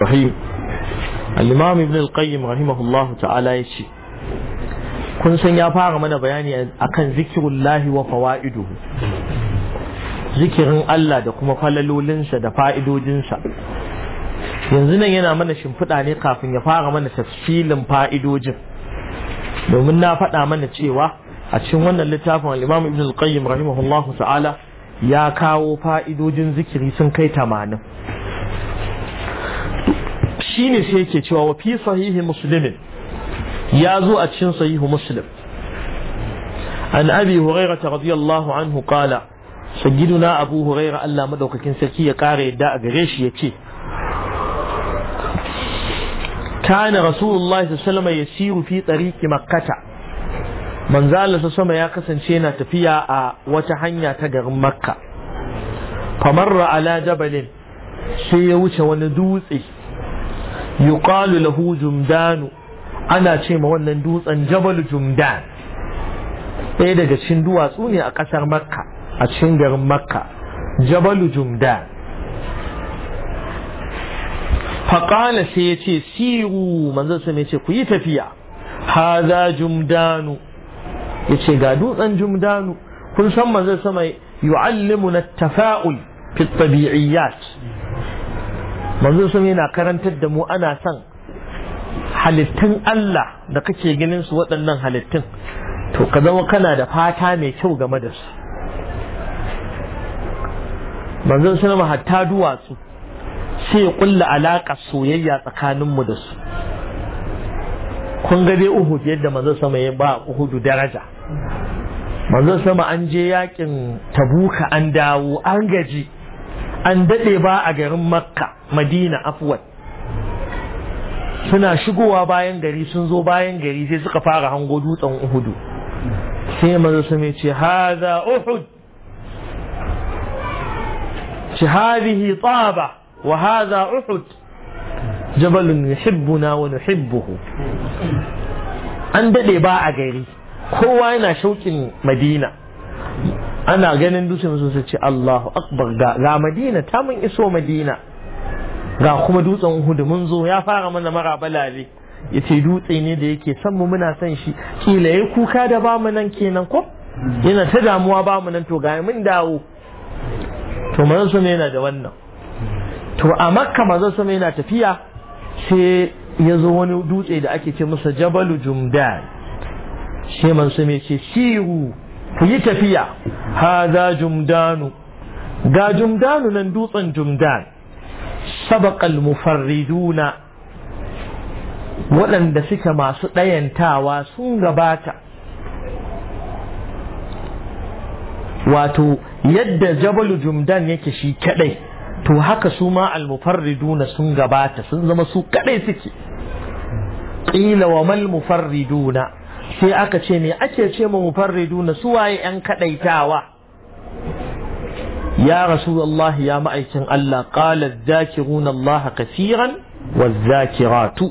rahim al-imam ibn al-qayyim rahimahullahu ta'ala yace kun san ya fara mana bayani akan zikrullahi wa fawa'idu zikirin Allah da kuma falalolinsa da fa'idodinsa yanzu nan yana mana shimfiɗa ne kafin ya fara mana tafsilin fa'idojin domin na faɗa mana cewa a cikin wannan littafin al-imam ibn al-qayyim rahimahullahu ta'ala ya kawo fa'idojin zikiri sun kai tamanin ne sai yake cewa wa fi sahihi muslimin ya zo a cikin sahihu muslim an abi hurairah radiyallahu anhu qala sayyiduna abu hurairah Allah madaukakin sarki ya kare yadda a gare shi yace كان رسول الله صلى الله عليه وسلم يسير في طريق مكة من زال سسما يا كسن شينا تفيا وتحنيا تجر مكة فمر على جبل sai ya wuce wani dutse yuqalu lahu jumdanu ana ce ma wannan dutsen jabal jumdan ɗaya daga cikin duwatsu ne a ƙasar makka a cikin garin makka jabal jumdan faƙala sai ya ce siru manzon sa ce ku yi tafiya haza jumdanu ya ce ga dutsen jumdanu kun san manzon sama yu'allimuna tafa'ul fi tabi'iyyat manzo sun yana karantar da mu ana son halittun Allah da kake ganin su waɗannan halittun to ka zama kana da fata mai kyau game da su manzo sun ma hatta duwatsu sai ya kulla alaƙa soyayya tsakanin mu da su kun ga dai Uhud yadda manzo sama ya ba Uhud daraja manzo sama an je yakin Tabuka an dawo an gaji an daɗe ba a garin makka madina afwat suna shigowa bayan gari sun zo bayan gari sai suka fara hango dutsen uhudu sai mazo su mai ce haza uhud ce hazihi tsaba wa haza uhud jabalun yuhibbuna wa nuhibbuhu an daɗe ba a gari kowa yana shauƙin madina ana ganin dutse musu su ce Allahu akbar ga Madina ta mun iso Madina ga kuma dutsen Uhud mun zo ya fara mana mara balale yace dutse ne da yake san mu muna san shi kila yayi kuka da ba mu nan kenan ko yana ta damuwa ba mu nan to ga mun dawo to manzon sama yana da wannan to a makka manzon sama yana tafiya sai ya zo wani dutse da ake ce masa jabalu jumdan sai manzon sama ce Shiru. ku yi tafiya haza jumdanu ga jumdanu nan dutsen jumdan sabaqal mufarriduna waɗanda suke masu ɗayantawa sun gabata wato yadda jabalu jumdan yake shi kadai to haka su ma almufarriduna sun gabata sun zama su kadai suke qila wa mal mufarriduna sai aka ce me ake ce ma mufarridu su waye yan kadaitawa ya rasulullahi ya ma'aikin Allah qala dhakiruna Allah kaseeran wadh-dhakiratu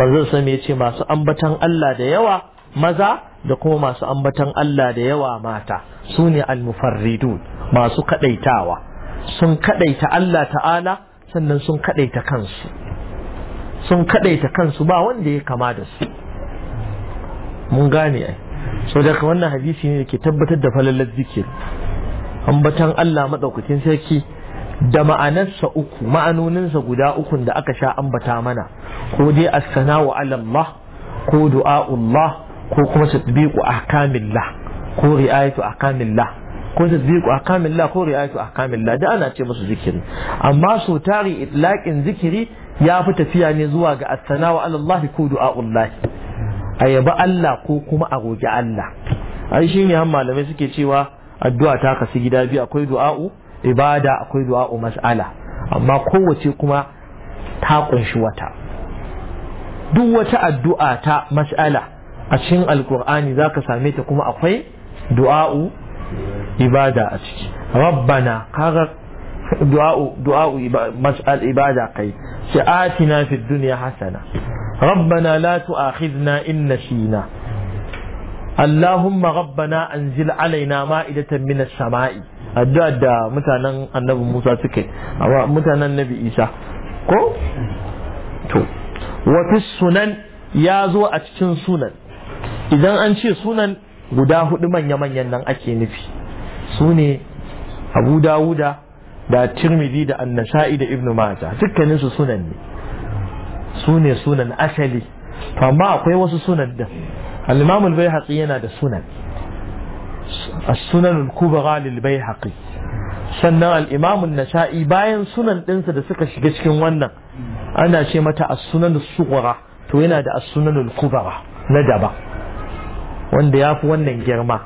manzon sai me yace masu ambatan Allah da yawa maza da kuma masu ambatan Allah da yawa mata Sune ne al-mufarridun masu kadaitawa sun kadaita Allah ta'ala sannan sun kadaita kansu sun kadaita kansu ba wanda ya kama da su mun gane ai so da wannan hadisi ne da ke tabbatar da falalar zikir ambatan Allah madaukakin sarki da ma'anarsa uku ma'anoninsa guda ukun da aka sha ambata mana ko dai as-sana'u ala Allah ko Allah ko kuma tatbiqu ahkamillah ko ri'ayatu ahkamillah ko tatbiqu ahkamillah ko ri'ayatu ahkamillah da ana ce musu zikiri amma so tari itlaqin zikiri ya fi tafiya ne zuwa ga as-sana'u ala Allah ko Allah a yabi Allah ko kuma a goge Allah ai shi ne han malamai suke cewa addu'a ta kasu gida biyu akwai du'a'u ibada akwai du'a'u mas'ala amma kowace kuma ta kunshi wata duk wata addu'a ta mas'ala a cikin alkur'ani zaka same ta kuma akwai du'a'u ibada a ciki rabbana kaga du'a'u du'a'u mas'al ibada kai ce atina Hassana. dunya hasana rabbana la tu'akhidna in nasina اللهم ربنا أنزل علينا مائدة من sama'i. addu'a da mutanen annabi Musa suke amma mutanen nabi Isa ko to sunan ya zo a cikin sunan idan an ce sunan guda hudu manya-manyan nan ake nufi su ne Abu Dawuda da tirmidhi da annasha'i da ibnu majah dukkanin su sunan ne Sune sunan asali amma akwai wasu sunan da al-imam al yana da sunan as-sunan al-kubra lil-baihaqi sannan al-imam an-nasa'i bayan sunan dinsa da suka shiga cikin wannan ana ce mata as-sunan as-sughra to yana da as-sunan al-kubra na daba wanda yafi wannan girma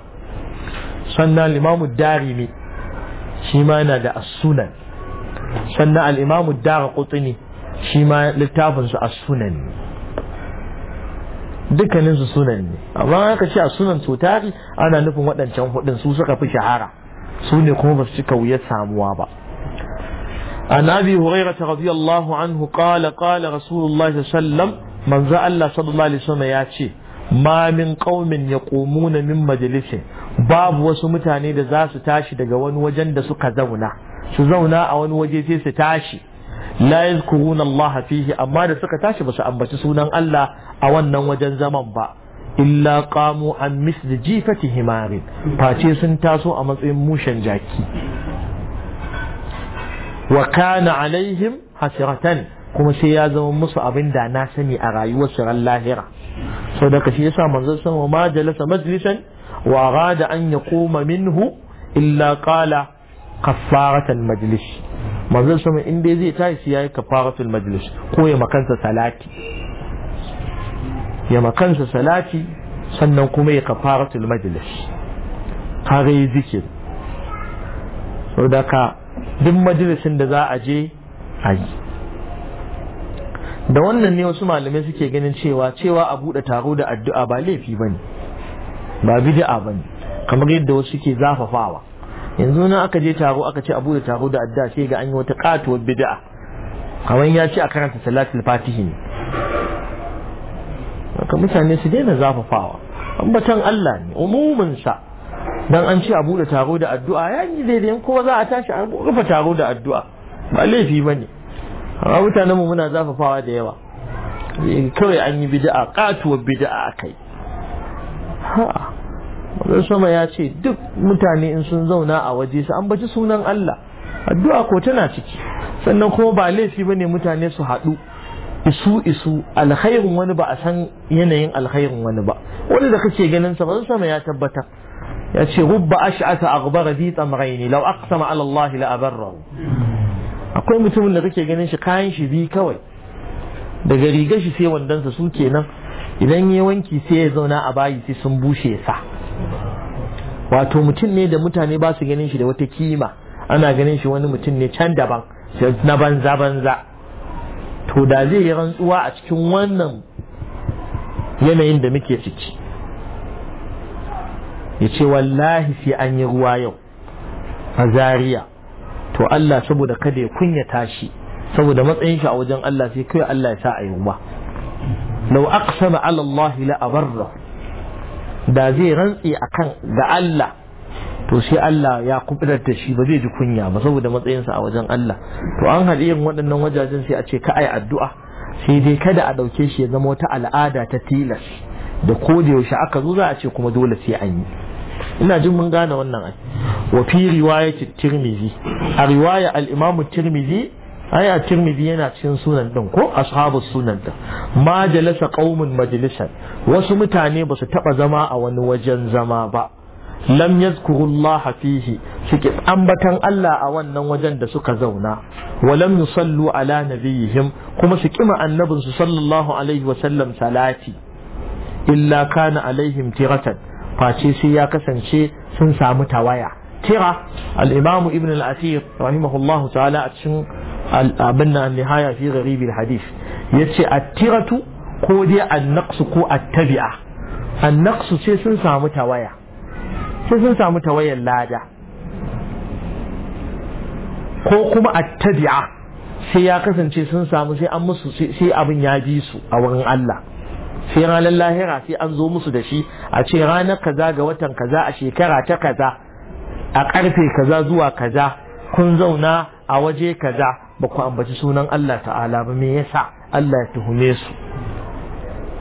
sannan al-imam ad-darimi shi ma yana da asunan sannan al-imam ad-darqutni shi ma littafin su as dukkanin su sunan ne amma aka ce as-sunan so tari ana nufin waɗancan hudun su suka fi shahara su ne kuma ba su cika wuyar samuwa ba عن أبي هريرة رضي الله عنه قال قال رسول الله صلى الله عليه وسلم من ذا الله صلى الله عليه وسلم ياتي ma min ya yaqumuna min majalisin babu wasu mutane da za su tashi daga wani wajen da suka zauna su zauna a wani waje sai su tashi la yazkuruna Allah fihi amma da suka tashi ba su ambaci sunan Allah a wannan wajen zaman ba illa qamu an misli jifati himarin face sun taso a matsayin mushen jaki wa kana alaihim hasiratan kuma sai ya zama musu abin da na sani a rayuwar ran lahira sau da kashi yasa manzon sama ma jalasa majlisan wa rada an ya koma minhu illa kala kafaratan majlis manzon sama in dai zai tashi yi kaffaratul majlis ko ya makansa salati ya makansa salati sannan kuma ya kafaratul majlis kaga yi zikir sau da ka duk majalisin da za a je a yi da wannan ne wasu malamai suke ganin cewa cewa a buɗe taro da addu'a ba laifi bane ba bid'a bane kamar yadda wasu ke zafafawa yanzu nan aka je taro aka ce a buɗe taro da addu'a sai ga an yi wata katuwar bid'a kamar ya ce a karanta salatul fatihi ne haka mutane su daina zafafawa ambatan Allah ne umumin sa dan an ce a buɗe taro da addu'a ya yi daidai kowa za a tashi a rufe taro da addu'a ba laifi bane amma mutanen mu muna zafafawa da yawa kawai an yi bid'a katuwar bid'a kai? ha Mazar sama ya ce duk mutane in sun zauna a waje su an baci sunan Allah addu'a ko tana ciki sannan kuma ba laifi bane mutane su haɗu isu isu alkhairin wani ba a san yanayin alkhairin wani ba wani da kake ganin sa bazan sama ya tabbata ya ce rubba ash'ata aghbara bi tamrayni law aqsama ala Allah la abarra akwai mutumin da kake ganin shi kayan shi biyu kawai daga riga shi sai wandonsa su kenan idan ya wanki sai ya zauna a bayi sai sun bushe sa wato mutum ne da mutane ba su ganin shi da wata kima ana ganin shi wani mutum ne can daban na banza banza to da zai yi rantsuwa a cikin wannan yanayin da muke ciki ya ce wallahi sai an yi ruwa yau a Zariya. to Allah saboda kada ya kunya tashi saboda matsayin shi a wajen Allah sai kai Allah ya sa a yuma law aqsama ala Allah la abarra da zai rantsi akan ga Allah to sai Allah ya kubutar da shi ba zai ji kunya ba saboda matsayin sa a wajen Allah to an haɗu irin waɗannan wajajen sai a ce ka ai addu'a sai dai kada a ɗauke shi ya zama wata al'ada ta tilas da ko da yaushe aka zo za a ce kuma dole sai an yi ina jin mun gane wannan ai wa fi riwayati tirmidhi a riwaya al-imam tirmizi ai a tirmizi yana cikin sunan din ko ashabu sunan din Majalisa qaumun majlisan wasu mutane ba su taba zama a wani wajen zama ba lam yadhkuru Allah fihi suke ambatan Allah a wannan wajen da suka zauna wa lam yusallu ala nabiyihim kuma su kima annabinsu sallallahu alaihi wa sallam salati illa kana alaihim tiratan face sai ya kasance sun samu tawaya tira al-imam ibn al-athir rahimahullahu ta'ala a cikin abin nan nihaya fi gharib al-hadith yace at-tiratu ko dai an-naqsu ko at-tabi'a an-naqsu sai sun samu tawaya sai sun samu lada ko kuma at-tabi'a sai ya kasance sun samu sai an musu sai abin ya bi su a wurin Allah sai ranar lahira sai an zo musu da shi a ce ranar kaza ga watan kaza a shekara ta kaza a karfe kaza zuwa kaza kun zauna a waje kaza ba ku ambaci sunan Allah ta'ala ba me yasa Allah ya tuhume su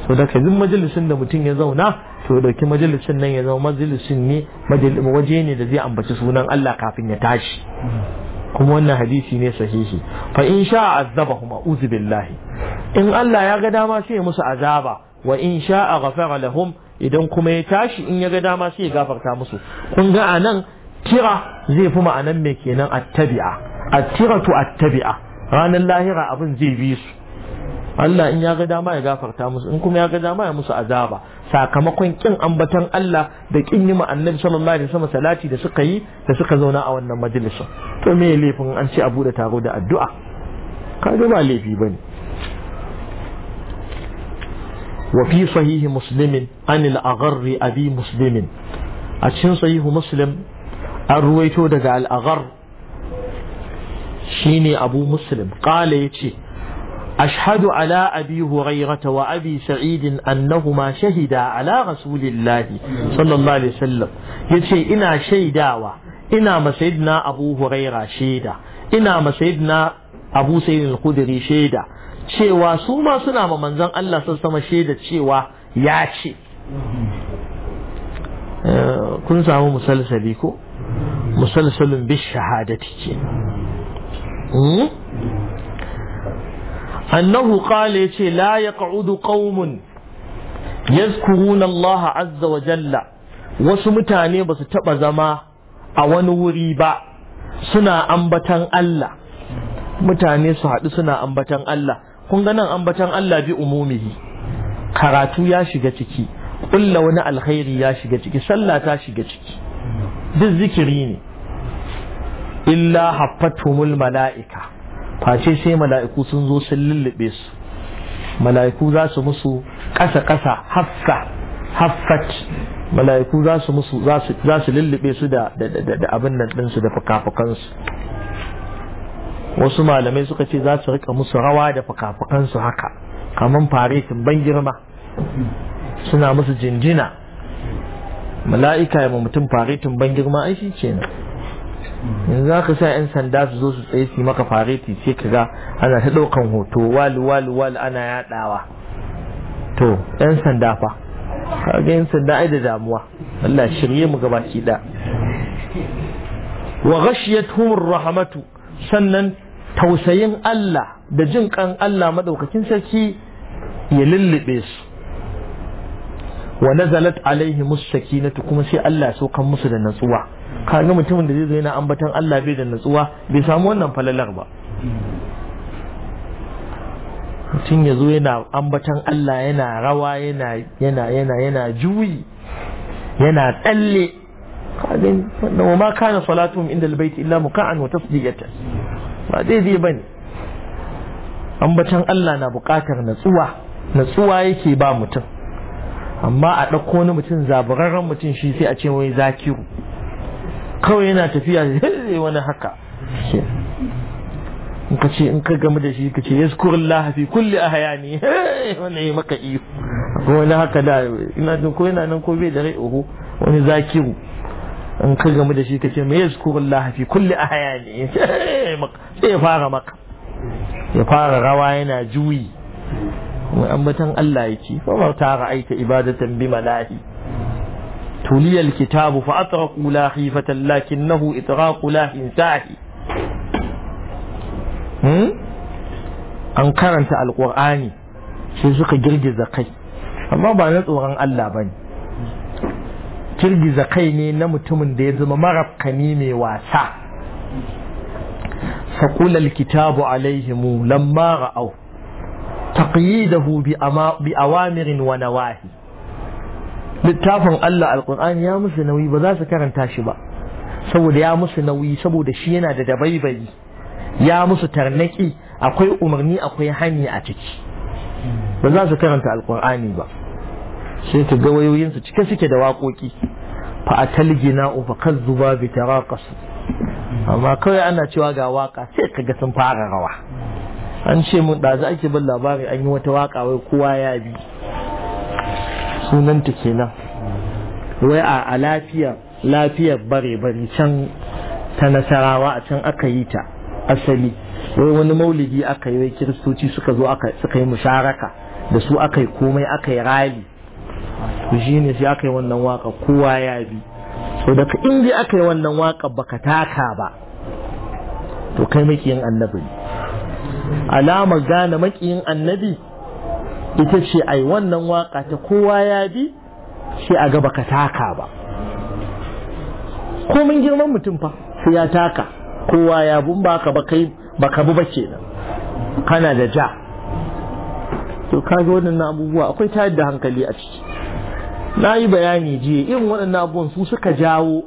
so da kazin majalisin da mutum ya zauna to ya dauki majalisin nan ya zama majalisin ne waje ne da zai ambaci sunan Allah kafin ya tashi kuma wannan hadisi ne sahihi fa in sha azabahum a'udhu billahi in Allah ya ga dama sai ya musu azaba wa in sha'a ghafara lahum idan kuma ya tashi in ya ga dama sai ya gafarta musu kun ga anan tira zai fi ma'anan me kenan attabi'a attiratu attabi'a ranar lahira abin zai bi su Allah in ya ga dama ya gafarta musu in kuma ya ga dama ya musu azaba sakamakon kin ambatan Allah da kin yi annabi sallallahu alaihi wasallam salati da suka yi da suka zauna a wannan majalisa to me laifin an ci abu da taro da addu'a ga ba laifi bane وفي صحيح مسلم عن الأغر أبي مسلم أتشن صحيح مسلم أرويتو دقاء الأغر شيني أبو مسلم قال يتشي أشهد على أبي هريرة وأبي سعيد أنهما شهدا على رسول الله صلى الله عليه وسلم يتشي إنا شيداوة إنا مسيدنا أبو هريرة شيدا إنا مسيدنا أبو سيد الخدري شيدا cewa su ma suna ma manzon Allah sun sama shaida cewa ya ce eh, kun samu musalsali ko musalsalin bi shahadati ke hmm? annahu qala yace la yaq'udu qaumun yazkuruna Allah azza wa jalla wasu mutane ba su taba zama a wani wuri ba suna ambatan Allah mutane su haɗu suna ambatan Allah kun ga nan ambatan Allah bi umumihi karatu ya shiga ciki kulla wani alkhairi ya shiga ciki sallah ta shiga ciki duk zikiri ne illa haffatumul mala'ika face sai mala'iku sun zo sun lullube su mala'iku za su musu ƙasa ƙasa haffa haffat mala'iku za su musu za su lullube su da abin nan ɗinsu da fuka-fukansu wasu malamai suka ce za su rika musu rawa da fukafukansu haka kamar faretin ban girma suna musu jinjina mala'ika ya mutum faretin ban girma aiki shi na yanzu za ka sa 'yan sanda su zo su tsaye su maka fareti sai ka ga ana ta ɗaukan hoto walu walu walu ana yaɗawa to 'yan sanda fa ga 'yan sanda ai da damuwa Allah shirye mu gaba ki da wa ghashiyatuhum rahmatu sannan tausayin Allah da jin kan Allah madaukakin sarki ya lullube su wa nazalat alaihi na kuma sai Allah so kan musu da natsuwa Ka ga mutumin da zai zo yana ambatan Allah bai da natsuwa bai samu wannan falalar ba mutum ya zo yana ambatan Allah yana rawa yana yana yana yana juyi yana tsalle kadin wa ma kana salatuhum inda albayt illa muka'an wa tasdiyata ba daidai bane ambatan Allah na buƙatar natsuwa natsuwa yake ba mutum amma a ɗauko wani mutum zaburarren mutum shi sai a ce wai zakiru kawai yana tafiya zai wani haka in ka ce in ka gamu da shi ka ce yaskurullah fi kulli ahyani wannan ya maka iyo wani haka da ina jin ko yana nan ko bai da rai oho wani zakiru in ka gamu da shi ka ce mai yazkurullah fi kulli ahyani sai ya fara maka ya fara rawa yana juyi mai ambatan Allah ya ce ma ta ra'aita ibadatan bi malahi tuliyal kitabu fa atraqu la khifatan lakinnahu itraqu la insahi hmm? an karanta alqur'ani sai suka girgiza kai amma ba na tsoron Allah bane girgiza kai ne na mutumin da ya zama marafkani mai wasa saƙulal kitabu alaihimu lamma ra'au taqyidahu bi awamirin wa nawahi littafin Allah Alƙur'ani ya musu nauyi ba za su karanta shi ba saboda ya musu nauyi saboda shi yana da dabaibayi ya musu tarnaki akwai umarni akwai hanyar a ciki ba za su karanta alqur'ani ba sai ka ga wayoyinsu cike suke da waƙoƙi fa a talgina ufa kan zuba bi taraqasu amma kawai ana cewa ga waka sai ka ga sun fara rawa an ce mun ɗazu ake bin labari an yi wata waka wai kowa ya bi sunanta kenan wai a lafiyar lafiyar bare bare can ta nasarawa a can aka yi ta asali wai wani maulidi aka yi wai kiristoci suka zo suka yi musharaka da su aka yi komai aka yi rali to ne sai aka yi wannan waka kowa ya bi so daga inda aka yi wannan waka baka taka ba to kai makiyin annabi alamar gane makiyin annabi ita ce a yi wannan waka ta kowa ya bi sai a ga baka taka ba ko mun girman mutum fa sai ya taka kowa ya bun baka ba kai baka bu ba kenan kana da ja to kaga waɗannan abubuwa akwai tayar da hankali a ciki na yi bayani jiya irin waɗannan abubuwan su suka jawo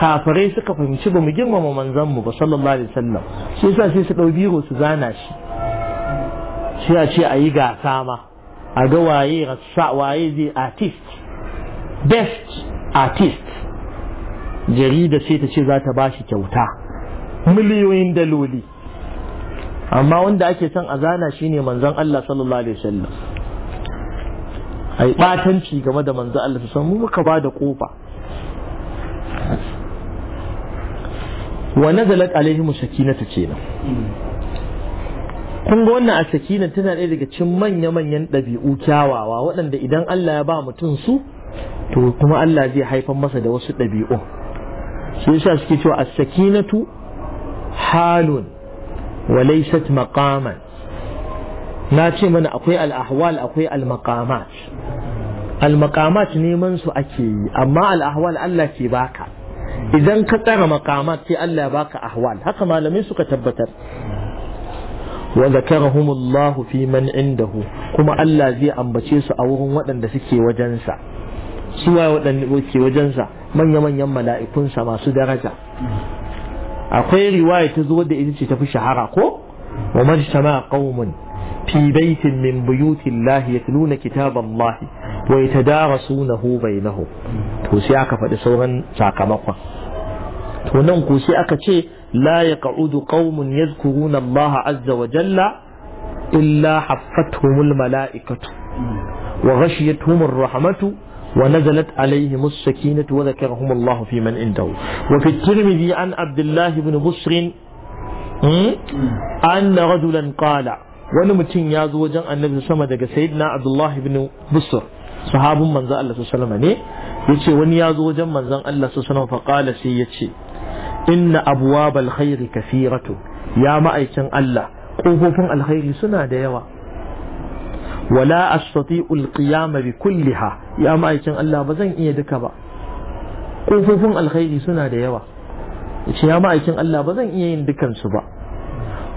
kafirai suka fahimci ba mu girmama manzon mu ba sallallahu alaihi wasallam shi yasa sai su dau biro su zana shi sai a ce a yi gasa ma a ga waye rassa waye zai artist best artist jarida sai ta ce za ta bashi kyauta miliyoyin daloli amma wanda ake son a zana shine manzon Allah sallallahu alaihi wasallam Aiɓatanci game da manzo Allah su muka ba da kofa wa nazalat alaihim sakinatu kenan kun ga wannan a sakinan tana ɗaya daga cikin manya-manyan ɗabi'u kyawawa waɗanda idan Allah ya ba mutum su to kuma Allah zai haifar masa da wasu ɗabi'u shi yasa suke cewa a sakinatu halun wa laysat maqaman na ce mana akwai al-ahwal akwai al-maqamat المقامات نيمان سو أكي أما الأحوال الله كي باكا إذا كتر مقامات في الله باكا أحوال هكا ما لم يسو كتبتر وذكرهم الله في من عنده كما الله زي أم بشيس أوهم وأن دسكي وجنسا سوى وأن دسكي وجنسا من يمن يم ملائكون سما سدرجا أخي رواية تزود إذن تشتفي شهارا كو ومجتمع قوم في بيت من بيوت الله يتلون كتاب الله wa yatadarasunahu bainahum to sai aka faɗi sauran sakamakon to nan ko sai aka ce la yaq'udu qaumun yadhkuruna Allah azza wa jalla illa haffatuhumul mala'ikatu wa ghashiyatuhumur rahmatu ونزلت عليهم السكينة وذكرهم الله في من عنده وفي الترمذي عن عبد الله بن بصر أن رجلا قال ونمتن يازوجا النبي صلى الله عليه وسلم سيدنا عبد الله بن بصر sahabun manzon Allah sallallahu alaihi ne yace wani ya zo wajen manzan Allah sallallahu alaihi fa qala sai yace inna abwabal khairi kathiratu ya ma'aikin Allah kofofin alkhairi suna da yawa wala astati'u alqiyama bi kulliha ya ma'aikin Allah ba zan iya duka ba kofofin alkhairi suna da yawa yace ya ma'aikin Allah ba zan iya yin dukan su ba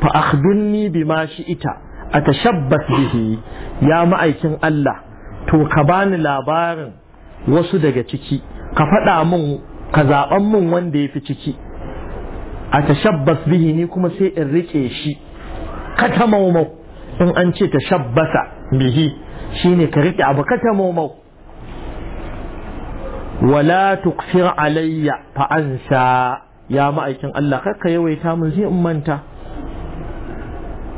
fa akhbirni bima shi'ita atashabbas bihi ya ma'aikin Allah to ka bani labarin wasu daga ciki ka faɗa min ka zaɓan min wanda ya fi ciki a tashabbas bihi ni kuma sai in riƙe shi ka ta maumau in an ce tashabbasa bihi shi ne ka riƙe abu ka ta maumau wala tuksir alayya fa ya ma'aikin Allah kar ka yawaita min, sai in manta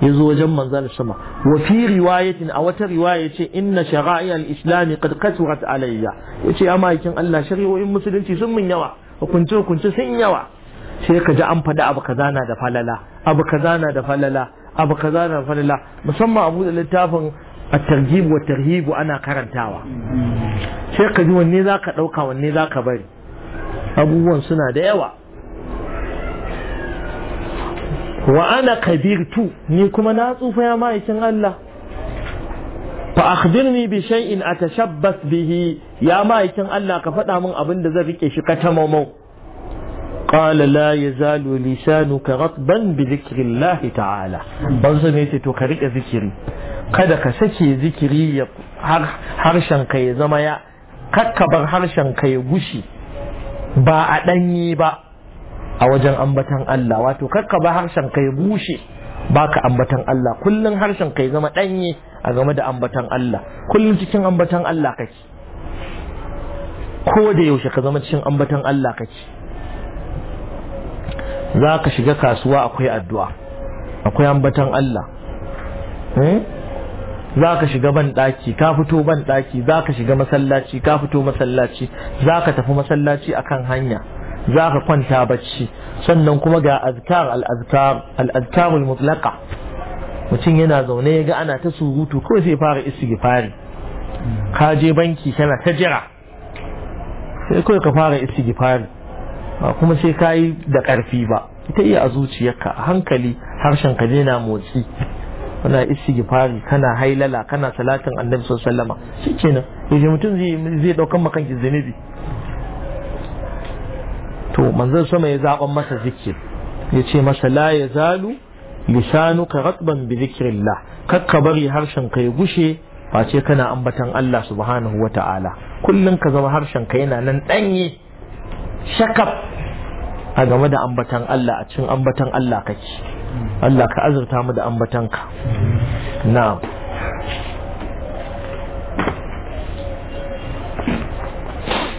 yazo wajen manzon sama wa fi riwayatin a wata riwaya yace inna shara'i al-islam qad kasurat alayya yace amma yakin Allah shari'o'in musulunci sun mun yawa hukunce hukunce sun yawa sai ka ji an faɗi abu kaza na da falala abu kaza na da falala abu kaza na falala musamman abu da littafin at-targhib wa ana karantawa sai ka ji wanne zaka dauka wanne zaka bari abubuwan suna da yawa wa ana kabirtu ni kuma na tsufa ya ma'aikin Allah fa akhbirni bi shay'in atashabbas bihi ya ma'aikin Allah ka faɗa min abin da zan rike shi katamamau qala la yazalu lisanuka ratban bi dhikrillah ta'ala ban san yace to ka rike zikiri kada ka sake zikiri ya harshen ka ya zama ya kakkabar harshen ka ya gushi ba a danyi ba a wajen ambatan Allah wato karka ba harshen kai bushe baka ambatan Allah kullun harshen kai zama danye a game da ambatan Allah kullun cikin ambatan Allah kake ko da yaushe ka zama cikin ambatan Allah kake za ka shiga kasuwa akwai addu'a akwai ambatan Allah hmm? za ka shiga ban daki ka fito ban daki za ka shiga masallaci ka fito masallaci za ka tafi masallaci akan hanya za ka kwanta bacci sannan kuma ga azkar al-azkar al-azkar mutlaqa mutum yana zaune ya ga ana ta surutu kawai sai fara istighfari ka je banki kana ta jira sai kawai ka fara istighfari ba kuma sai ka yi da ƙarfi ba ita iya a zuciyarka a hankali harshen ka na motsi kana istighfari kana hailala kana salatin annabi sallallahu alaihi wasallam shikenan yaje mutum zai zai daukan makan zunubi manzon sama ya zaɓan masa zikir ya ce masa la ya zalu lisanuka ratban bi Kar kakka bari harshen ka ya gushe face kana ambatan Allah subhanahu wa ta'ala kullum ka zama harshen ka yana nan ɗanye shakaf a game da ambatan Allah a cin ambatan Allah kake Allah ka azurta mu da ambatanka na'am